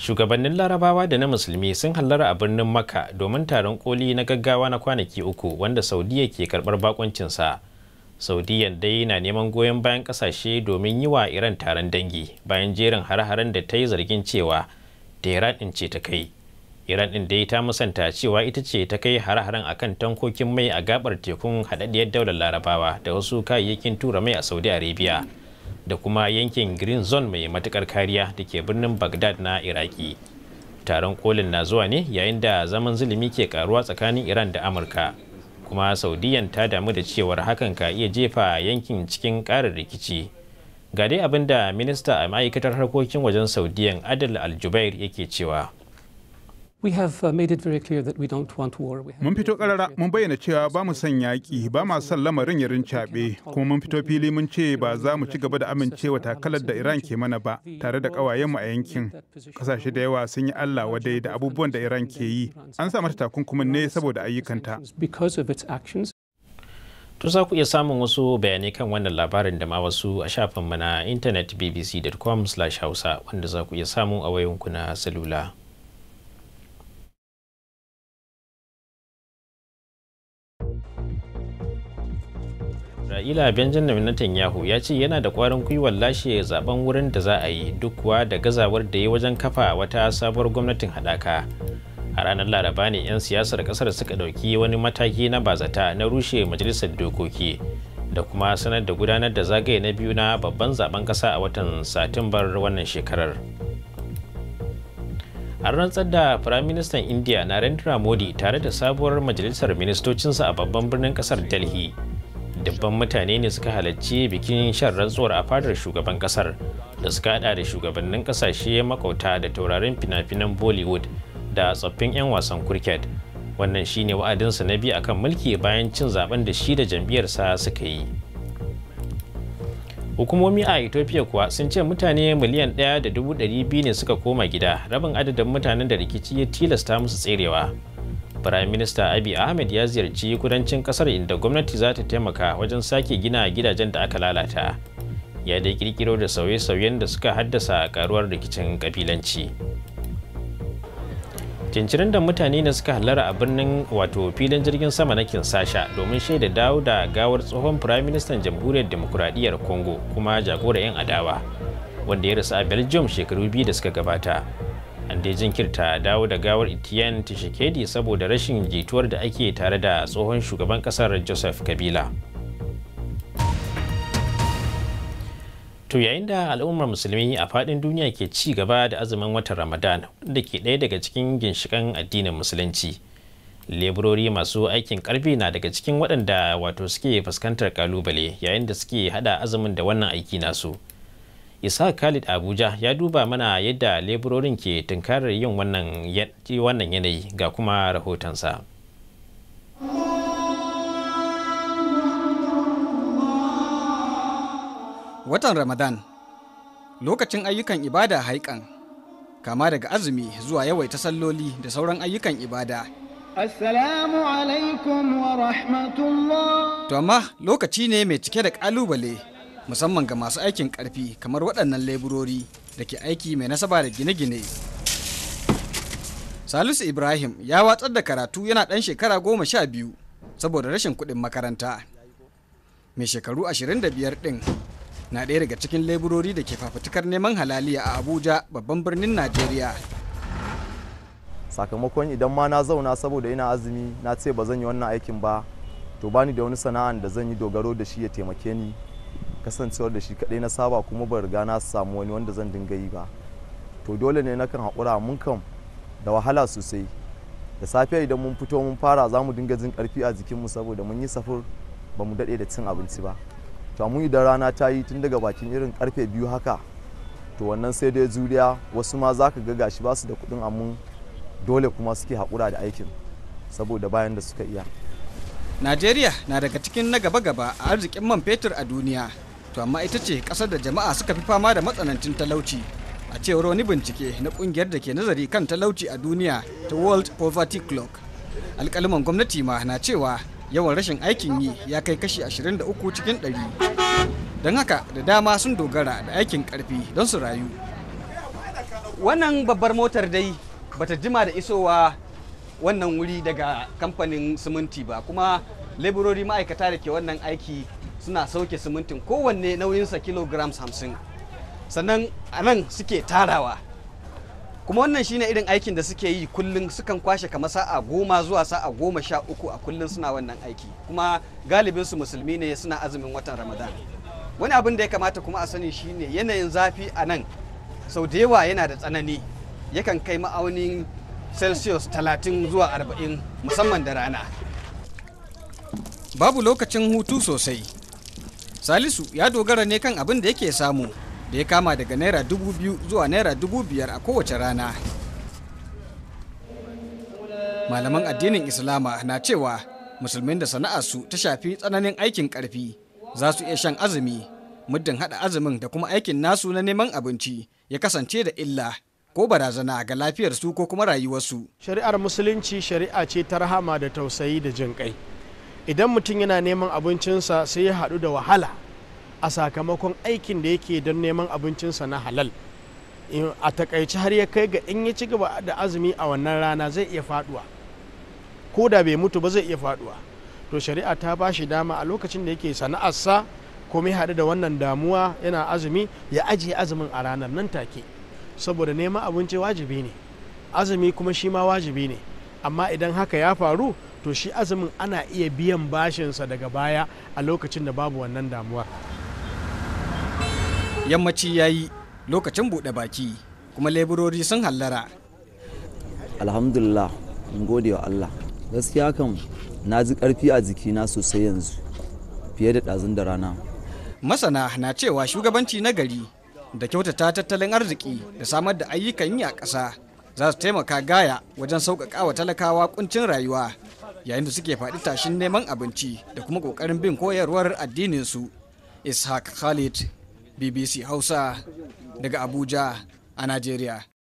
shugabannin larabawa da na musulmi sun hallara a birnin makka domin taron koli na gaggawa na kwanaki uku wanda saudiya ke karbar bakoncinsa saudiya dai na neman goyon bayan kasashe domin yi wa iran taron dangi bayan jerin hare-haren da ta yi zargin cewa tehran din ce ta kai iran din dai ta musanta cewa ita ce ta kai hare-haren kan tankokin mai a gabar tekun haɗaɗɗiyar daular larabawa da wasu kayayyakin tura mai a saudi arabia da kuma yankin green zone mai matukar kariya da ke birnin baghdad na iraki taron kolin na zuwa ne yayin da zaman zulumi ke karuwa tsakanin iran da amurka kuma saudiyan ta damu da cewar hakan ka iya jefa yankin cikin karin rikici ga dai abin da minista a ma'aikatar harkokin wajen saudiyan adal aljubair yake cewa Uh, mun fito karara mun bayyana cewa ba mu son yaƙi ba ma son lamarin ya rincaɓe kuma mun fito fili mun ce ba za mu ci gaba da amincewa takalar da Iran ke mana ba tare da ƙawayenmu a yankin. Kasashe da yawa sun yi Allah wadai da abubuwan da Iran ke yi. An sa mata takunkumin ne saboda ayyukanta. To za ku iya samun wasu bayanai kan wannan labarin da ma wasu a shafinmu na intanet bbc.com/hausa wanda za ku iya samu a wayonku na salula. Isra'ila Benjamin Netanyahu ya ce yana da kwarin gwiwar lashe zaben wurin da za a yi duk kuwa da gazawar da ya wajen kafa wata sabuwar gwamnatin haɗaka. A ranar Laraba ne 'yan siyasar ƙasar suka ɗauki wani mataki na bazata na rushe majalisar dokoki da kuma sanar da gudanar da zagaye na biyu na babban zaben ƙasa a watan Satumbar wannan shekarar. an rantsar da firaministan indiya narendra modi tare da sabuwar majalisar ministocinsa a babban birnin kasar delhi dubban mutane ne suka halarci bikin shan rantsuwar a fadar shugaban kasar da suka hada da shugabannin kasashe makauta da taurarin fina-finan bollywood da tsoffin 'yan wasan cricket wannan shine wa'adinsa na biyu akan mulki bayan cin zaben da shi da jam'iyyarsa suka yi hukumomi a ethiopia kuwa sun ce mutane miliyan ɗaya da dubu ɗari biyu ne suka koma gida rabin adadin mutanen da rikici ya tilasta musu tserewa Prime Minister Abiy Ahmed ya ziyarci kudancin kasar inda gwamnati za ta taimaka wajen sake gina gidajen da aka lalata. Ya dai kirkiro da sauye-sauyen da suka haddasa karuwar rikicin kabilanci. cincirin da mutane da suka halara a birnin wato filin jirgin sama na kinsasha domin shaida dawo da gawar tsohon Prime Minister jamhuriyar demokuraɗiyyar congo kuma jagora 'yan adawa wanda ya rasu a belgium shekaru biyu da suka gabata an dai jinkirta dawo da gawar etienne tshisekedi saboda rashin jituwar da ake tare da tsohon shugaban kasar joseph kabila to yayin da al'ummar musulmi a faɗin duniya ke ci gaba da azumin watan ramadan da ke ɗaya daga cikin ginshikan addinin musulunci leburori masu aikin karfi na daga cikin waɗanda wato suke fuskantar kalubale yayin da suke hada azumin da wannan aiki nasu. isa khalid abuja ya duba mana yadda leburorin ke tunkarar yin wannan yanayi ga kuma rahotonsa watan ramadan lokacin ayyukan ibada haikan kama daga azumi zuwa yawaita salloli da sauran ayyukan ibada assalamu alaikum wa rahmatullah to amma lokaci ne mai cike da kalubale musamman ga masu aikin karfi kamar waɗannan leburori da ke aiki mai nasaba da gine-gine salisu ibrahim ya watsar da karatu yana ɗan shekara goma sha biyu saboda rashin kuɗin makaranta mai shekaru ashirin da biyar ɗin na ɗaya daga cikin leburori da ke fafutukar neman halaliya a abuja babban birnin najeriya sakamakon idan ma na zauna saboda ina azumi na ce ba zan yi wannan aikin ba to bani da wani sana'an da zan yi dogaro da shi ya taimake ni kasancewar da shi kadai na saba kuma ba riga na samu wani wanda zan dinga yi ba to dole ne nakan haƙura mun kam da wahala sosai da safiya idan mun fito mun fara za mu dinga jin ƙarfi a jikinmu saboda mun yi safur ba mu daɗe da cin abinci ba to mun idan rana ta yi tun daga bakin irin ƙarfe biyu haka to wannan sai dai juriya wasu ma za ka ga gashi ba su da kuɗin amma dole kuma suke haƙura da aikin saboda bayan da suka iya najeriya na daga cikin na gaba-gaba a arzikin man fetur a duniya to amma ita ce kasar da jama'a suka fi fama da matsanancin talauci a cewar wani bincike na kungiyar da ke nazari kan talauci a duniya ta world poverty clock alkaliman gwamnati ma na cewa yawan rashin aikin yi ya kai kashi 23 cikin 100 don haka da dama sun dogara da aikin karfi don su rayu wannan babbar motar dai bata jima da isowa wannan wuri daga kamfanin siminti ba kuma laborori ma'aikata da ke wannan aiki suna sauke simintin kowanne nauyinsa kilograms hamsin sannan a nan suke tarawa kuma wannan shine irin aikin da suke yi kullum sukan kwashe kamar sa'a goma zuwa sa'a goma sha uku a kullum suna wannan aiki kuma galibin su musulmi ne suna azumin watan ramadan wani abin da ya kamata kuma a sani shine yanayin zafi a nan sau da yawa yana da tsanani yakan kai ma'aunin celsius 30 zuwa 40 musamman da rana babu lokacin hutu sosai Salisu ya dogara ne kan abin da yake samu da ya kama daga naira dubu biyu zuwa naira dubu biyar a kowace rana. Malaman addinin Islama na cewa musulmin da su ta shafi tsananin aikin karfi za su iya shan azumi muddin hada azumin da kuma aikin nasu na neman abinci ya kasance da illa ko barazana ga lafiyar su ko kuma rayuwarsu. Shari'ar musulunci shari'a ce ta rahama da tausayi da jin kai. idan mutum yana neman abincinsa sai ya haɗu da wahala a sakamakon aikin da yake don neman abincinsa na halal a takaici har ya kai ga in ya ci gaba da azumi a wannan rana zai iya faduwa ko da bai mutu ba zai iya faduwa to shari'a ta ba shi dama a lokacin da yake sana'arsa komai haɗu da wannan damuwa yana azumi ya ajiye azumin a ranar nan take saboda neman abinci wajibi ne azumi kuma shi ma wajibi ne amma idan haka ya faru to shi azumin ana iya biyan bashinsa daga baya a lokacin da babu wannan damuwar yammaci ya yi lokacin buɗe baki kuma leburori sun hallara alhamdulillah in gode wa allah gaskiya kan na ji ƙarfi a jikina sosai yanzu fiye da ɗazun da rana masana na cewa shugabanci nagari da kyautata tattalin arziki da samar da ayyukan yi a ƙasa za su taimaka gaya wajen sauƙaƙa wa talakawa kuncin rayuwa yayin da suke faɗi tashin neman abinci da kuma ƙoƙarin bin koyarwar addinin su ishaq khalid BBC Hausa daga Abuja a Najeriya.